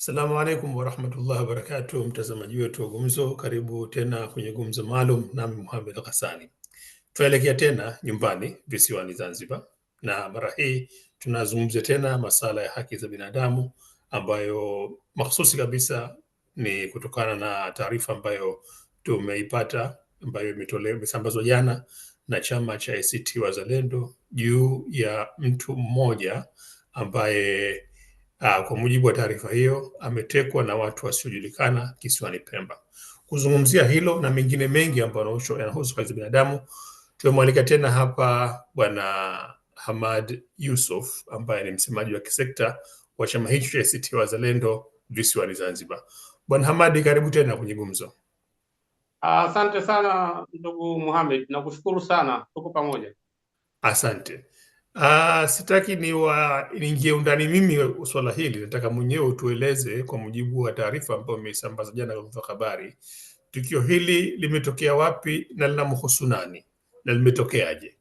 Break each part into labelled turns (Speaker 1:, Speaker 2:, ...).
Speaker 1: Salamu alaikum warahmatullahi wabarakatuh, mtazamaji wetu wa Gumzo, karibu tena kwenye Gumzo maalum, nami Muhamed Ghassani. Tunaelekea tena nyumbani visiwani Zanzibar, na mara hii tunazungumzia tena masala ya haki za binadamu ambayo makhususi kabisa ni kutokana na taarifa ambayo tumeipata ambayo imesambazwa jana na chama cha ACT Wazalendo juu ya mtu mmoja ambaye Aa, ah, kwa mujibu wa taarifa hiyo ametekwa na watu wasiojulikana kisiwani Pemba. Kuzungumzia hilo na mengine mengi ambayo yanahusu haki za binadamu, tumemwalika tena hapa Bwana Hamad Yusuf ambaye ni msemaji wa kisekta wa chama hicho cha ACT Wazalendo visiwani Zanzibar. Bwana Hamadi, karibu tena kwenye Gumzo.
Speaker 2: Asante sana ndugu Muhamed, nakushukuru sana, tuko pamoja.
Speaker 1: Asante. Ah, sitaki niwa niingie undani mimi swala hili, nataka mwenyewe utueleze kwa mujibu wa taarifa ambayo umeisambaza jana kwa vyombo vya habari, tukio hili limetokea wapi na linamhusu nani na limetokeaje?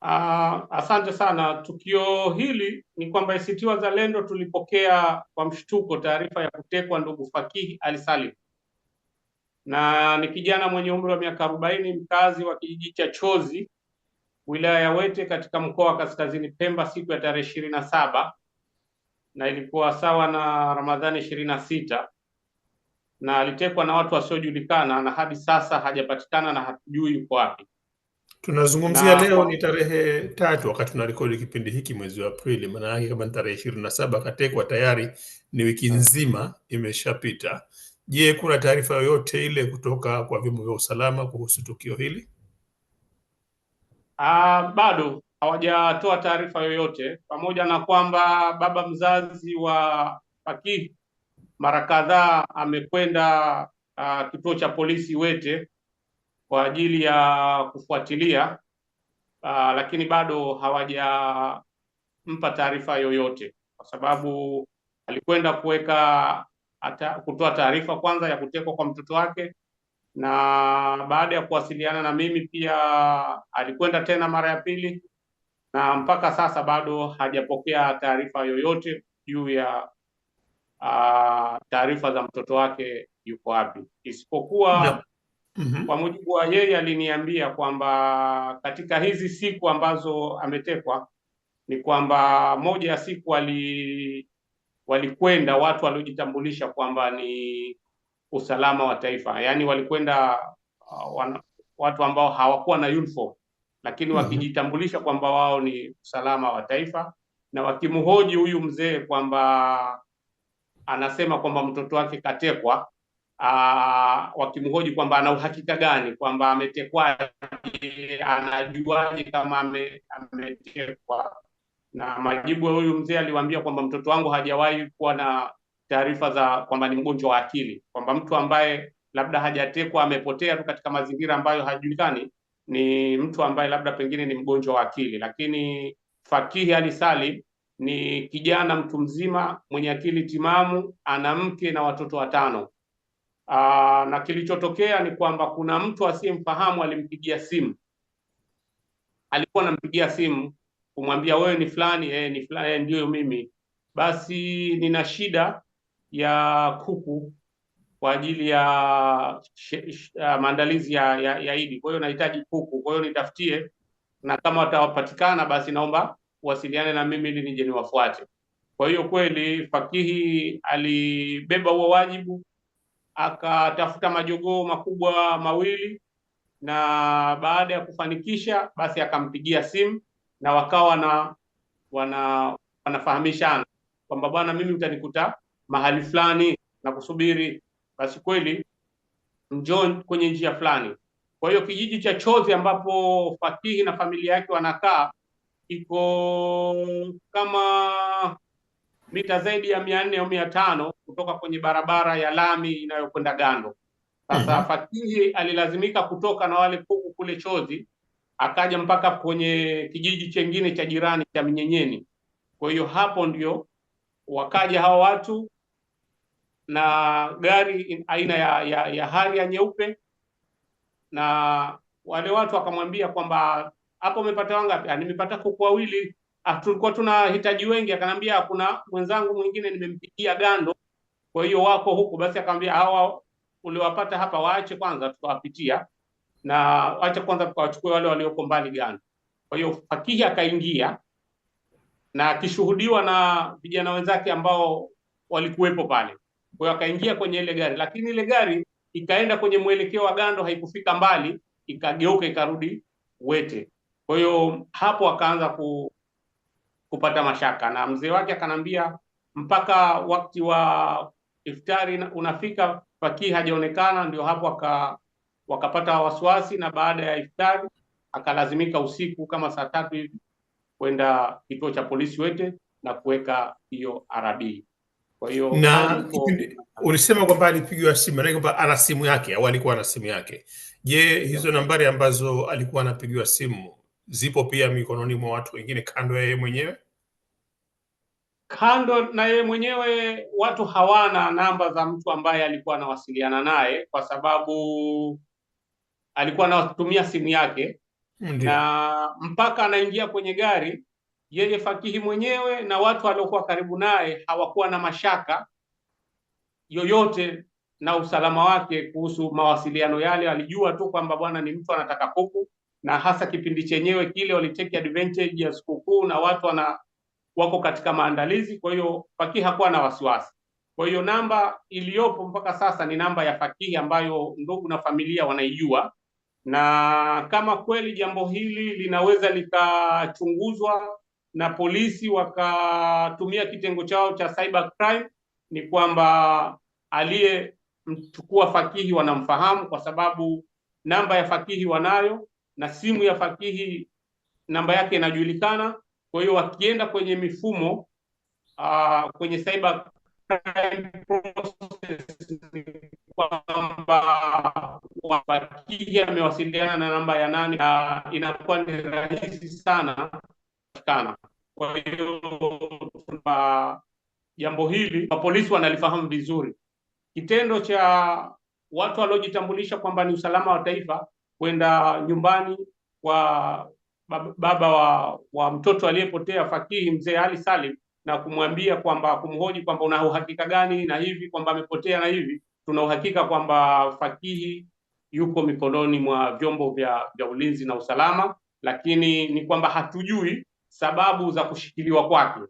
Speaker 2: Ah, asante sana. Tukio hili ni kwamba ACT Wazalendo tulipokea kwa mshtuko taarifa ya kutekwa ndugu Fakihi Ali Salim, na ni kijana mwenye umri wa miaka arobaini, mkazi wa kijiji cha Chozi wilaya Wete katika mkoa wa Kaskazini Pemba siku ya tarehe ishirini na saba na ilikuwa sawa na Ramadhani ishirini na sita na alitekwa na watu wasiojulikana na hadi sasa hajapatikana na hatujui yuko wapi.
Speaker 1: Tunazungumzia leo ni tarehe tatu, wakati tunarekodi kipindi hiki mwezi wa Aprili. Maana yake kama ni tarehe ishirini na saba akatekwa, tayari ni wiki nzima imeshapita. Je, kuna taarifa yoyote ile kutoka kwa vyombo vya usalama kuhusu tukio hili?
Speaker 2: Uh, bado hawajatoa taarifa yoyote, pamoja na kwamba baba mzazi wa Fakihi mara kadhaa amekwenda uh, kituo cha polisi Wete kwa ajili ya kufuatilia uh, lakini bado hawajampa taarifa yoyote, kwa sababu alikwenda kuweka kutoa taarifa kwanza ya kutekwa kwa mtoto wake, na baada ya kuwasiliana na mimi pia alikwenda tena mara ya pili, na mpaka sasa bado hajapokea taarifa yoyote juu ya uh, taarifa za mtoto wake yuko wapi, isipokuwa no. mm -hmm. Mm-hmm. Kwa mujibu wa yeye aliniambia kwamba katika hizi siku ambazo ametekwa ni kwamba moja ya siku wali walikwenda watu waliojitambulisha kwamba ni usalama wa taifa, yaani walikwenda uh, watu ambao hawakuwa na uniform, lakini mhm. wakijitambulisha kwamba wao ni usalama wa taifa na wakimhoji huyu mzee kwamba anasema kwamba mtoto wake katekwa, uh, wakimhoji kwamba ana uhakika gani kwamba ametekwa, anajuaje kama ame, ametekwa, na majibu ya huyu mzee aliwaambia kwamba mtoto wangu hajawahi kuwa na taarifa za kwamba ni mgonjwa wa akili, kwamba mtu ambaye labda hajatekwa amepotea tu katika mazingira ambayo hajulikani ni mtu ambaye labda pengine ni mgonjwa wa akili. Lakini Fakihi Ali Salim ni kijana mtu mzima mwenye akili timamu, ana mke na watoto watano. Aa, na kilichotokea ni kwamba kuna mtu asiyemfahamu alimpigia simu, alikuwa anampigia simu kumwambia wewe ni fulani, eh, ni fulani, eh, ndio mimi, basi nina shida ya kuku kwa ajili ya uh, maandalizi ya, ya, ya Idi. Kwa hiyo nahitaji kuku, kwa hiyo nitafutie, na kama watawapatikana basi naomba wasiliane na mimi ili nije niwafuate. Kwa hiyo kweli Fakihi alibeba huo wajibu akatafuta majogoo makubwa mawili, na baada ya kufanikisha basi akampigia simu na wakawa na wana, wanafahamishana kwamba bwana, mimi mtanikuta mahali fulani na kusubiri basi, kweli njoo kwenye njia fulani. Kwa hiyo kijiji cha Chozi ambapo Fakihi na familia yake wanakaa iko kama mita zaidi ya mia nne au mia tano kutoka kwenye barabara ya lami inayokwenda Gando. Sasa mhm. Fakihi alilazimika kutoka na wale kuku kule Chozi akaja mpaka kwenye kijiji chengine cha jirani cha Minyenyeni. Kwa hiyo hapo ndio wakaja hawa watu na gari aina ya, ya, ya ya nyeupe, na wale watu wakamwambia kwamba hapo umepata wangapi? Ah, nimepata kuku wawili, ah, tulikuwa tunahitaji wengi. Akanambia kuna mwenzangu mwingine nimempigia gando, kwa hiyo wako huku. Basi akamwambia hawa uliwapata hapa waache kwanza, tukawapitia na wacha kwanza tukawachukue wale walioko mbali gando. Kwa hiyo Fakihi akaingia na akishuhudiwa na vijana wenzake ambao walikuwepo pale. Kwa hiyo akaingia kwenye ile gari, lakini ile gari ikaenda kwenye mwelekeo wa gando, haikufika mbali, ikageuka ikarudi Wete. Kwa hiyo hapo akaanza ku, kupata mashaka, na mzee wake akanambia mpaka wakati wa iftari unafika pakii hajaonekana. Ndio hapo waka, wakapata wasiwasi, na baada ya iftari akalazimika usiku kama saa tatu hivi kwenda kituo cha polisi Wete na kuweka hiyo arabii.
Speaker 1: Kwa hiyo na ulisema kwamba alipigiwa simu, na kwamba ana simu yake au alikuwa na simu yake. Je, hizo nambari ambazo alikuwa anapigiwa simu zipo pia mikononi mwa watu wengine kando ya yeye mwenyewe?
Speaker 2: Kando na yeye mwenyewe, watu hawana namba za mtu ambaye alikuwa anawasiliana naye, kwa sababu alikuwa anatumia simu yake Ndiyo. na mpaka anaingia kwenye gari yeye fakihi mwenyewe na watu waliokuwa karibu naye hawakuwa na mashaka yoyote na usalama wake kuhusu mawasiliano yale. Alijua tu kwamba bwana ni mtu anataka kuku, na hasa kipindi chenyewe kile walitake advantage ya sikukuu na watu wana wako katika maandalizi. Kwa hiyo fakihi hakuwa na wasiwasi. Kwa hiyo namba iliyopo mpaka sasa ni namba ya fakihi ambayo ndugu na familia wanaijua, na kama kweli jambo hili linaweza likachunguzwa na polisi wakatumia kitengo chao cha cyber crime, ni kwamba aliyemchukua Fakihi wanamfahamu kwa sababu namba ya Fakihi wanayo na simu ya Fakihi namba yake inajulikana. Kwa hiyo wakienda kwenye mifumo uh, kwenye cyber crime process kwamba Fakihi amewasiliana na namba ya nani, uh, inakuwa ni rahisi sana kupatikana. Kwa hiyo kwa jambo hili mapolisi wanalifahamu vizuri. Kitendo cha watu waliojitambulisha kwamba ni usalama wa taifa kwenda nyumbani kwa baba wa, wa mtoto aliyepotea Fakihi Mzee Ali Salim na kumwambia kwamba kumhoji kwamba una uhakika gani na hivi kwamba amepotea na hivi, tuna uhakika kwamba Fakihi yuko mikononi mwa vyombo vya, vya ulinzi na usalama, lakini ni kwamba hatujui sababu za kushikiliwa kwake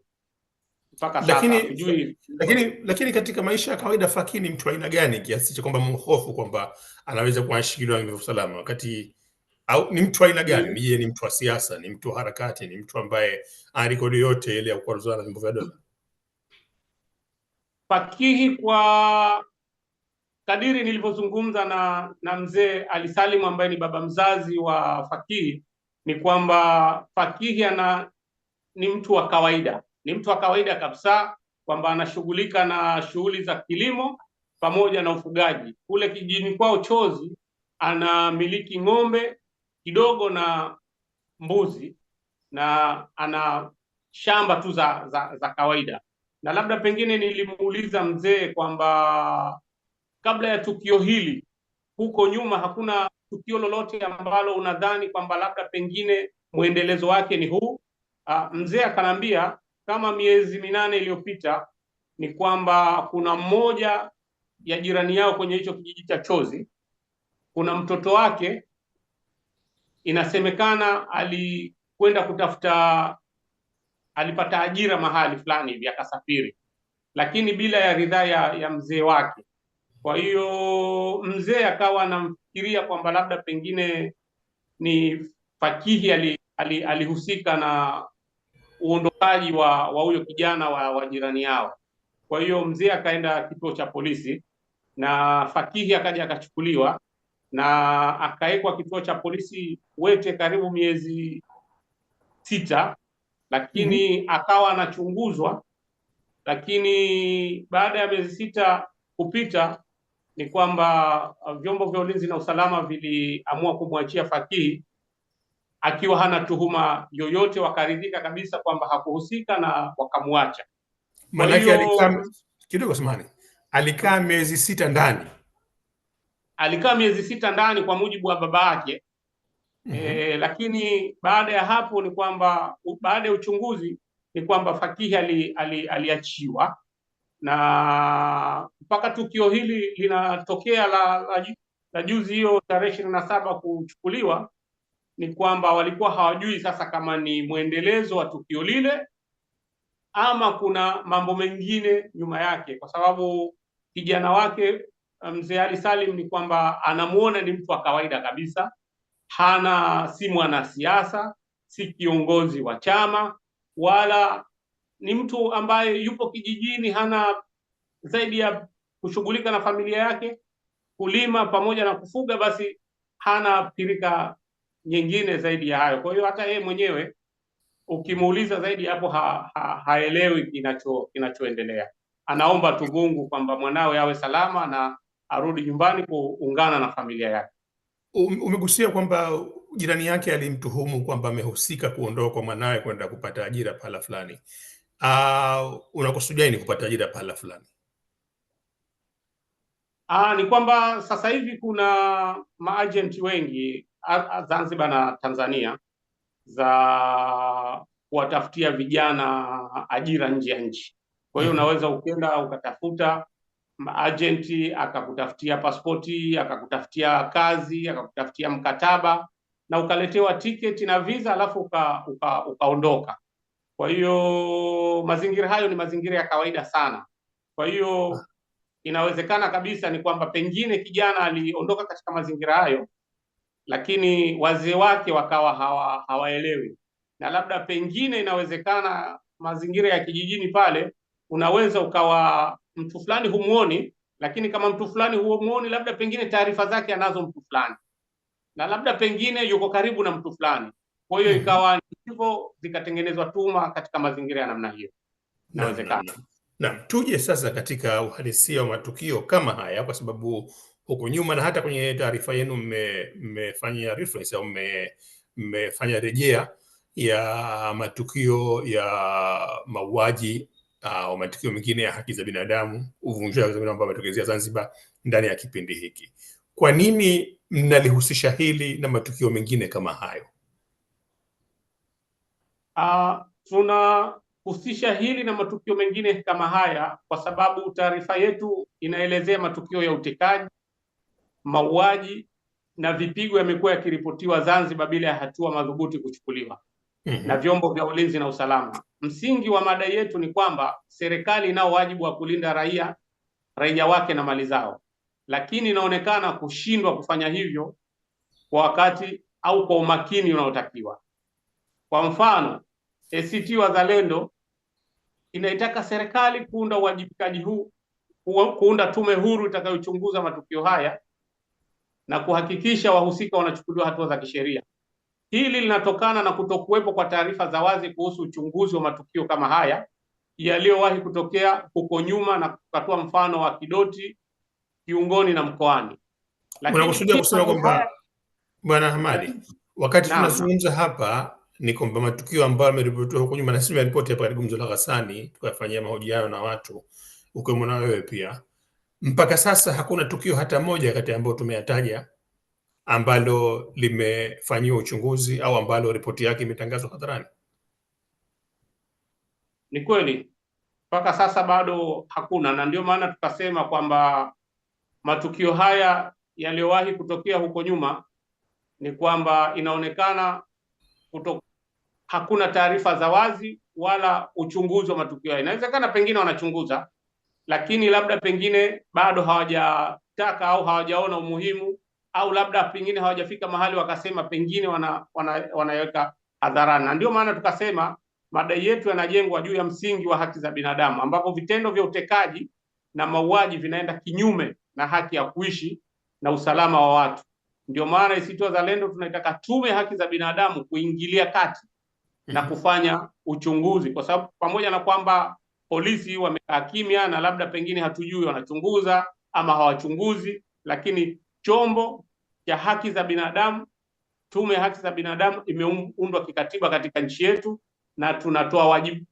Speaker 1: mpaka sasa lakini, lakini, lakini katika maisha ya kawaida Faki ni mtu aina gani kiasi cha kwamba mhofu kwamba anaweza kuwa anashikiliwa na usalama wakati au ni mtu aina gani? Je, ni mtu wa siasa? Ni mtu wa harakati? Ni mtu ambaye ana rekodi yote ile ya kukwaruzana na vyombo vya dola?
Speaker 2: Fakihi, kwa kadiri nilivyozungumza na na mzee Ali Salim ambaye ni baba mzazi wa Fakihi, ni kwamba Fakihi ana ni mtu wa kawaida, ni mtu wa kawaida kabisa, kwamba anashughulika na shughuli za kilimo pamoja na ufugaji. Kule kijini kwao Chozi anamiliki ng'ombe kidogo na mbuzi na ana shamba tu za, za za kawaida. Na labda pengine nilimuuliza mzee kwamba kabla ya tukio hili huko nyuma hakuna tukio lolote ambalo unadhani kwamba labda pengine mwendelezo wake ni huu? uh, mzee akanambia kama miezi minane iliyopita ni kwamba kuna mmoja ya jirani yao kwenye hicho kijiji cha Chozi, kuna mtoto wake inasemekana alikwenda kutafuta, alipata ajira mahali fulani hivi akasafiri, lakini bila ya ridhaa ya, ya mzee wake. Kwa hiyo mzee akawa anamfikiria kwamba labda pengine ni fakihi alihusika ali, ali na uondokaji wa wa huyo kijana wa, wa jirani yao. Kwa hiyo mzee akaenda kituo cha polisi na Fakihi akaja akachukuliwa na akawekwa kituo cha polisi Wete karibu miezi sita, lakini mm -hmm. akawa anachunguzwa, lakini baada ya miezi sita kupita ni kwamba vyombo vya ulinzi na usalama viliamua kumwachia Fakihi akiwa hana tuhuma yoyote, wakaridhika kabisa kwamba hakuhusika na wakamwacha.
Speaker 1: Manake alikaa kidogo samani, alikaa miezi sita ndani,
Speaker 2: alikaa miezi sita ndani kwa mujibu wa baba yake. mm -hmm. E, lakini baada ya hapo ni kwamba baada ya uchunguzi ni kwamba Fakihi aliachiwa ali, aliachiwa na mpaka tukio hili linatokea la, la, la juzi hiyo tarehe ishirini na saba kuchukuliwa ni kwamba walikuwa hawajui sasa kama ni mwendelezo wa tukio lile ama kuna mambo mengine nyuma yake, kwa sababu kijana wake mzee Ali Salim ni kwamba anamuona ni mtu wa kawaida kabisa, hana si mwanasiasa, si kiongozi wa chama, wala ni mtu ambaye yupo kijijini, hana zaidi ya kushughulika na familia yake, kulima pamoja na kufuga, basi hana pirika nyingine zaidi ya hayo. Kwa hiyo hata yeye mwenyewe ukimuuliza zaidi hapo ha, ha, haelewi kinacho kinachoendelea. Anaomba tu Mungu kwamba mwanawe awe salama na arudi nyumbani kuungana na familia yake.
Speaker 1: Um, umegusia kwamba jirani yake alimtuhumu kwamba amehusika kuondoka kwa mwanawe kwenda kupata ajira pahala fulani. Uh, unakusudia ni kupata ajira pahala fulani?
Speaker 2: Aa, ah, ni kwamba sasa hivi kuna maajenti wengi Zanzibar na Tanzania za kuwatafutia vijana ajira nje ya nchi. Kwa hiyo mhm. unaweza ukenda ukatafuta agenti akakutafutia pasipoti, akakutafutia kazi, akakutafutia mkataba na ukaletewa tiketi na visa, alafu ukaondoka uka, uka. Kwa hiyo mazingira hayo ni mazingira ya kawaida sana. Kwa hiyo ah. inawezekana kabisa ni kwamba pengine kijana aliondoka katika mazingira hayo lakini wazee wake wakawa hawa hawaelewi, na labda pengine inawezekana mazingira ya kijijini pale, unaweza ukawa mtu fulani humuoni, lakini kama mtu fulani humuoni, labda pengine taarifa zake anazo mtu fulani, na labda pengine yuko karibu na mtu fulani. Kwa hiyo hmm. ikawa hivyo, zikatengenezwa tuma katika mazingira ya namna hiyo,
Speaker 1: inawezekana. Na tuje sasa katika uhalisia wa matukio kama haya, kwa sababu huku nyuma, na hata kwenye taarifa yenu mmefanya reference au mmefanya rejea ya matukio ya mauaji au uh, matukio mengine ya haki za binadamu, uvunjaji wa ambao umetokezea Zanzibar ndani ya kipindi hiki. Kwa nini mnalihusisha hili na matukio mengine kama hayo?
Speaker 2: Uh, tunahusisha hili na matukio mengine kama haya kwa sababu taarifa yetu inaelezea matukio ya utekaji, mauaji na vipigo yamekuwa yakiripotiwa Zanzibar bila ya hatua madhubuti kuchukuliwa mm -hmm. na vyombo vya ulinzi na usalama. Msingi wa madai yetu ni kwamba serikali inao wajibu wa kulinda raia, raia wake na mali zao, lakini inaonekana kushindwa kufanya hivyo kwa wakati au kwa umakini unaotakiwa. Kwa mfano, ACT Wazalendo inaitaka serikali kuunda uwajibikaji huu, kuunda tume huru itakayochunguza matukio haya na kuhakikisha wahusika wanachukuliwa hatua za kisheria. Hili linatokana na kutokuwepo kwa taarifa za wazi kuhusu uchunguzi wa matukio kama haya yaliyowahi kutokea huko nyuma na kukatoa mfano wa Kidoti, Kiungoni na Mkoani.
Speaker 1: Unakusudia kusema kwamba Bwana Hamadi, wakati tunazungumza hapa ni kwamba matukio ambayo yameripotiwa huko nyuma, na sisi ripoti hapa katika Gumzo la Ghassani, tukafanyia mahojiano na watu ukiwemo na wewe pia mpaka sasa hakuna tukio hata moja kati ambayo tumeyataja ambalo limefanyiwa uchunguzi au ambalo ripoti yake imetangazwa hadharani.
Speaker 2: Ni kweli mpaka sasa bado hakuna, na ndio maana tukasema kwamba matukio haya yaliyowahi kutokea huko nyuma ni kwamba inaonekana kuto, hakuna taarifa za wazi wala uchunguzi wa matukio haya. Inawezekana pengine wanachunguza lakini labda pengine bado hawajataka au hawajaona umuhimu au labda pengine hawajafika mahali wakasema pengine wanaweka wana, wana hadharani, na ndio maana tukasema madai yetu yanajengwa juu ya msingi wa haki za binadamu, ambapo vitendo vya utekaji na mauaji vinaenda kinyume na haki ya kuishi na usalama wa watu. Ndio maana ACT Wazalendo tunaitaka tume haki za binadamu kuingilia kati na mhm. kufanya uchunguzi, kwa sababu pamoja na kwamba polisi wamekaa kimya, na labda pengine hatujui wanachunguza ama hawachunguzi, lakini chombo cha haki za binadamu, tume ya haki za binadamu imeundwa kikatiba katika nchi yetu, na tunatoa wajibu,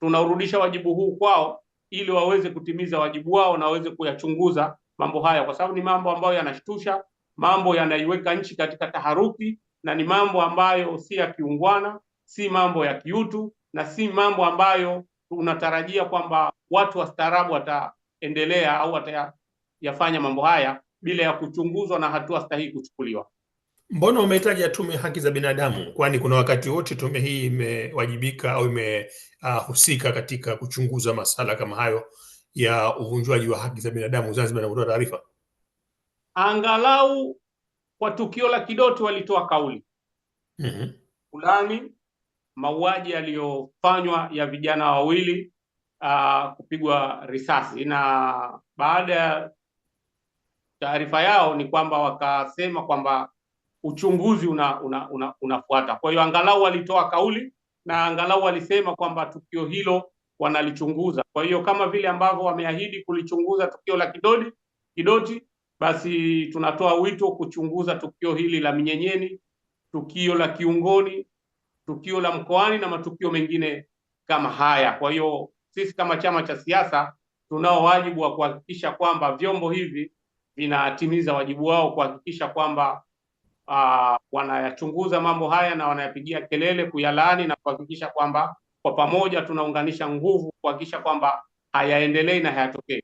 Speaker 2: tunaurudisha wajibu huu kwao ili waweze kutimiza wajibu wao na waweze kuyachunguza mambo haya, kwa sababu ni mambo ambayo yanashtusha, mambo yanaiweka nchi katika taharuki, na ni mambo ambayo si ya kiungwana, si mambo ya kiutu, na si mambo ambayo unatarajia kwamba watu wastaarabu wataendelea au watayafanya mambo haya bila ya kuchunguzwa na hatua stahii kuchukuliwa.
Speaker 1: Mbona umetaja tume haki za binadamu? Kwani kuna wakati wote tume hii imewajibika au imehusika uh, katika kuchunguza masala kama hayo ya uvunjwaji wa haki za binadamu Zanzibar na kutoa taarifa?
Speaker 2: Angalau kwa tukio la Kidoti walitoa kauli mhm. fulani mm -hmm mauaji yaliyofanywa ya vijana wawili uh, kupigwa risasi, na baada ya taarifa yao ni kwamba wakasema kwamba uchunguzi una, una, una, unafuata. Kwa hiyo angalau walitoa kauli na angalau walisema kwamba tukio hilo wanalichunguza. Kwa hiyo kama vile ambavyo wameahidi kulichunguza tukio la kidodi Kidoti, basi tunatoa wito kuchunguza tukio hili la Minyenyeni, tukio la Kiungoni tukio la Mkoani na matukio mengine kama haya. Kwa hiyo sisi kama chama cha siasa tunao wajibu wa kuhakikisha kwamba vyombo hivi vinatimiza wajibu wao kuhakikisha kwamba uh, wanayachunguza mambo haya na wanayapigia kelele, kuyalaani na kuhakikisha kwamba kwa pamoja tunaunganisha nguvu kuhakikisha kwamba hayaendelei na hayatokei.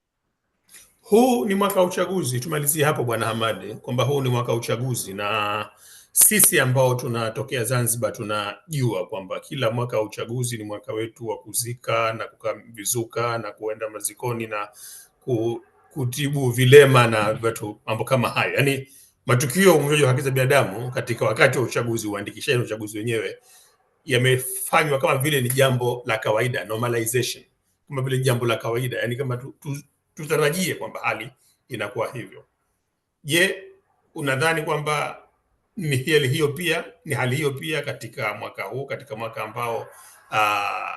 Speaker 1: Huu ni mwaka wa uchaguzi, tumalizie hapo Bwana Hamad, kwamba huu ni mwaka wa uchaguzi na sisi ambao tunatokea Zanzibar tunajua kwamba kila mwaka wa uchaguzi ni mwaka wetu wa kuzika na kukavizuka na kuenda mazikoni na ku, kutibu vilema na vitu mambo kama haya, yaani matukio ya wa haki za binadamu katika wakati wa uchaguzi, uandikishaji na uchaguzi wenyewe yamefanywa kama vile ni jambo la kawaida, normalization kama vile jambo la kawaida, yaani kama tutarajie tu, tu kwamba hali inakuwa hivyo. Je, unadhani kwamba ni hali hiyo pia ni hali hiyo pia katika mwaka huu, katika mwaka ambao uh,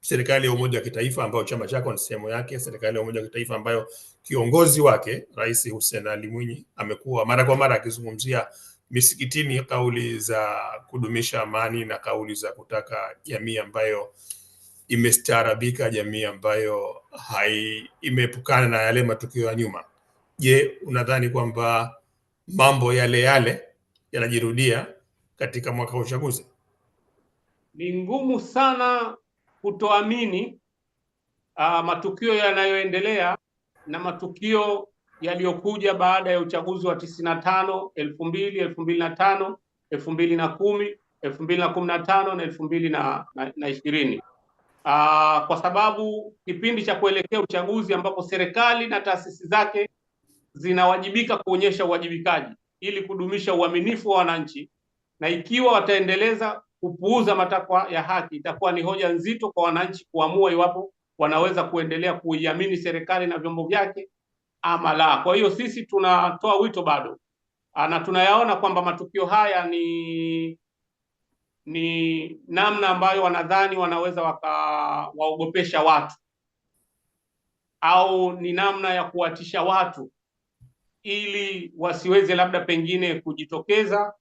Speaker 1: serikali ya umoja wa kitaifa ambayo chama chako ni sehemu yake, serikali ya umoja wa kitaifa ambayo kiongozi wake Rais Hussein Ali Mwinyi amekuwa mara kwa mara akizungumzia misikitini kauli za kudumisha amani na kauli za kutaka jamii ambayo imestaarabika, jamii ambayo hai imeepukana na yale matukio ya nyuma. Je, unadhani kwamba mambo yale yale yanajirudia katika mwaka wa uchaguzi?
Speaker 2: Ni ngumu sana kutoamini uh, matukio yanayoendelea na matukio yaliyokuja baada ya uchaguzi wa tisini na tano, elfu mbili, elfu mbili na tano, elfu mbili na kumi, elfu mbili na kumi na tano na elfu mbili na, na, na ishirini. Ah, kwa sababu kipindi cha kuelekea uchaguzi ambapo serikali na taasisi zake zinawajibika kuonyesha uwajibikaji ili kudumisha uaminifu wa wananchi, na ikiwa wataendeleza kupuuza matakwa ya haki, itakuwa ni hoja nzito kwa wananchi kuamua iwapo wanaweza kuendelea kuiamini serikali na vyombo vyake ama la. Kwa hiyo sisi tunatoa wito bado ah, na tunayaona kwamba matukio haya ni ni namna ambayo wanadhani wanaweza wakawaogopesha watu au ni namna ya kuwatisha watu ili wasiweze labda pengine kujitokeza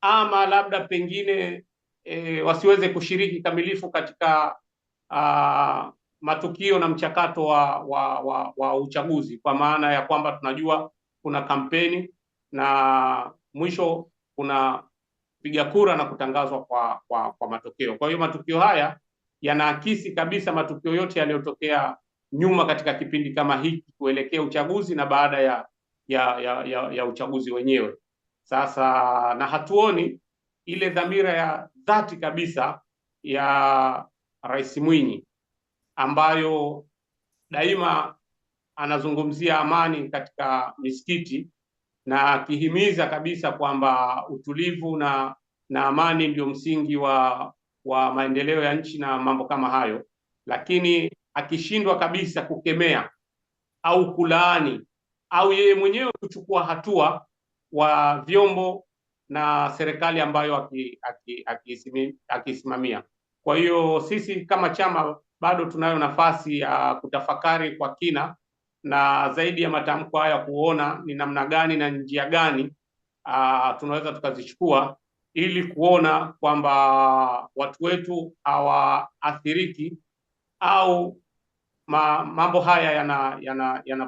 Speaker 2: ama labda pengine e, wasiweze kushiriki kamilifu katika a, matukio na mchakato wa, wa, wa, wa uchaguzi, kwa maana ya kwamba tunajua kuna kampeni na mwisho kuna piga kura na kutangazwa kwa, kwa, kwa matokeo. Kwa hiyo matukio haya yanaakisi kabisa matukio yote yaliyotokea nyuma katika kipindi kama hiki kuelekea uchaguzi na baada ya ya ya ya, ya uchaguzi wenyewe. Sasa na hatuoni ile dhamira ya dhati kabisa ya Rais Mwinyi ambayo daima anazungumzia amani katika misikiti na akihimiza kabisa kwamba utulivu na na amani ndio msingi wa wa maendeleo ya nchi na mambo kama hayo, lakini akishindwa kabisa kukemea au kulaani au yeye mwenyewe kuchukua hatua wa vyombo na serikali ambayo akiisimamia. Kwa hiyo sisi kama chama bado tunayo nafasi ya kutafakari kwa kina na zaidi ya matamko haya, kuona ni namna gani na njia gani aa, tunaweza tukazichukua ili kuona kwamba watu wetu hawaathiriki au ma, mambo haya yanapungua yana, yana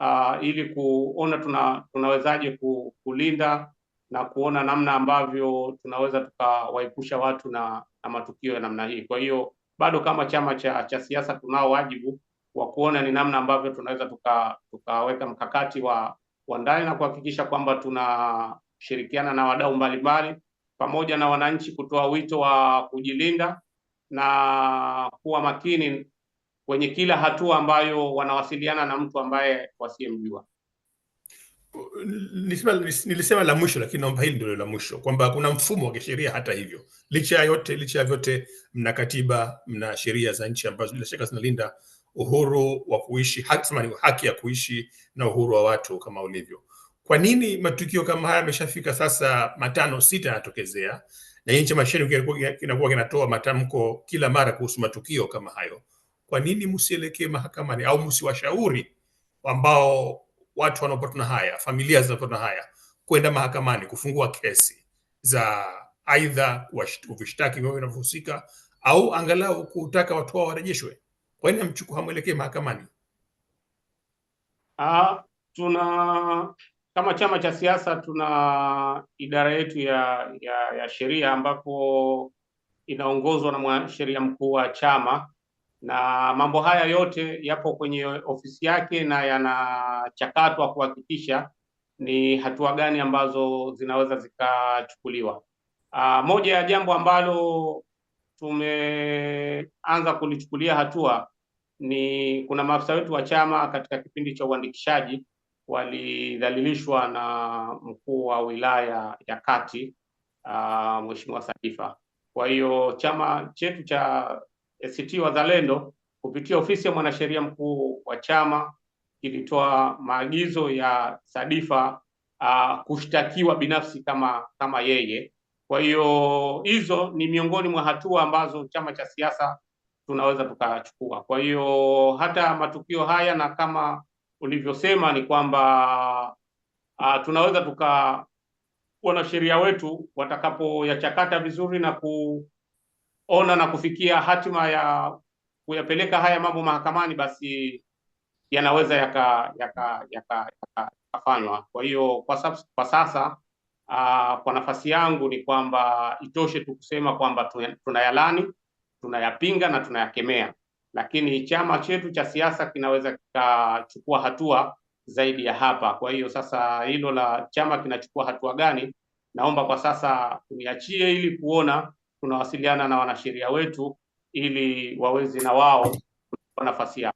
Speaker 2: uh, ah, ili kuona tuna, tunawezaje kulinda na kuona namna ambavyo tunaweza tukawaepusha watu na, na matukio ya namna hii. Kwa hiyo bado kama chama cha, cha siasa tunao wajibu wa kuona ni namna ambavyo tunaweza tuka, tukaweka mkakati wa wa ndani na kuhakikisha kwamba tunashirikiana na wadau mbalimbali pamoja na wananchi kutoa wito wa kujilinda na kuwa makini kwenye kila hatua ambayo wanawasiliana na mtu ambaye wasiyemjua.
Speaker 1: Nilisema, nilisema la mwisho, lakini naomba hili ndio la mwisho, kwamba kuna mfumo wa kisheria. Hata hivyo, licha ya yote, licha ya vyote, mna katiba, mna sheria za nchi ambazo bila shaka zinalinda uhuru wa kuishi haki, haki ya kuishi na uhuru wa watu kama ulivyo. Kwa nini matukio kama haya yameshafika sasa matano sita yanatokezea, na nchi mashariki kinakuwa kinatoa matamko kila mara kuhusu matukio kama hayo? Kwa nini msielekee mahakamani au msiwashauri ambao watu wanaopatwa na haya, familia zinazopatwa na haya, kwenda mahakamani kufungua kesi za aidha kuvishtaki vyombo vinavyohusika au angalau kutaka watu wao warejeshwe? Kwa nini hamchukua hamwelekee mahakamani?
Speaker 2: Ah, tuna kama chama cha siasa tuna idara yetu ya, ya, ya sheria ambapo inaongozwa na mwanasheria mkuu wa chama na mambo haya yote yapo kwenye ofisi yake na yanachakatwa kuhakikisha ni hatua gani ambazo zinaweza zikachukuliwa. Ah, moja ya jambo ambalo tumeanza kulichukulia hatua ni kuna maafisa wetu wa chama katika kipindi cha uandikishaji walidhalilishwa na mkuu wa wilaya ya Kati, uh, Mheshimiwa Saifa. Kwa hiyo chama chetu cha ACT Wazalendo kupitia ofisi ya mwanasheria mkuu wa chama kilitoa maagizo ya Sadifa uh, kushtakiwa binafsi kama kama yeye. Kwa hiyo hizo ni miongoni mwa hatua ambazo chama cha siasa tunaweza tukachukua. Kwa hiyo hata matukio haya na kama ulivyosema ni kwamba uh, tunaweza tuka wanasheria wetu watakapoyachakata vizuri na ku ona na kufikia hatima ya kuyapeleka haya mambo mahakamani, basi yanaweza yakafanywa yaka, yaka, yaka. Kwa hiyo kwa, kwa sasa uh, kwa nafasi yangu ni kwamba itoshe tu kusema kwamba tunayalani, tunayapinga na tunayakemea, lakini chama chetu cha siasa kinaweza kikachukua hatua zaidi ya hapa. Kwa hiyo sasa hilo la chama kinachukua hatua gani, naomba kwa sasa uniachie ili kuona tunawasiliana na wanasheria wetu ili waweze na wao kuchukua nafasi yao.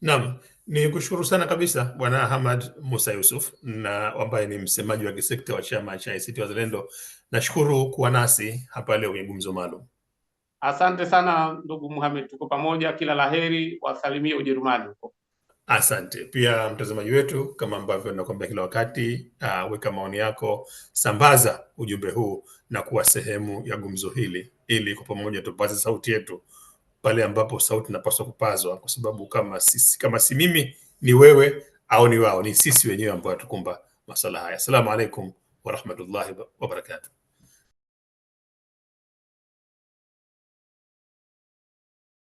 Speaker 1: Naam, ni kushukuru sana kabisa Bwana Ahmad Musa Yusuf na ambaye ni msemaji wa kisekta wa chama cha ACT Wazalendo. Nashukuru kuwa nasi hapa leo kwenye gumzo maalum.
Speaker 2: Asante sana ndugu Muhamed, tuko pamoja. Kila laheri, wasalimie Ujerumani huko.
Speaker 1: Asante pia mtazamaji wetu, kama ambavyo nakwambia kila wakati uh, weka maoni yako, sambaza ujumbe huu na kuwa sehemu ya gumzo hili, ili kwa pamoja tupaze sauti yetu pale ambapo sauti inapaswa kupazwa, kwa sababu kama sisi, kama si mimi ni wewe au ni wao, ni sisi wenyewe ambao tukumba masala haya. Assalamu alaikum warahmatullahi wabarakatuh.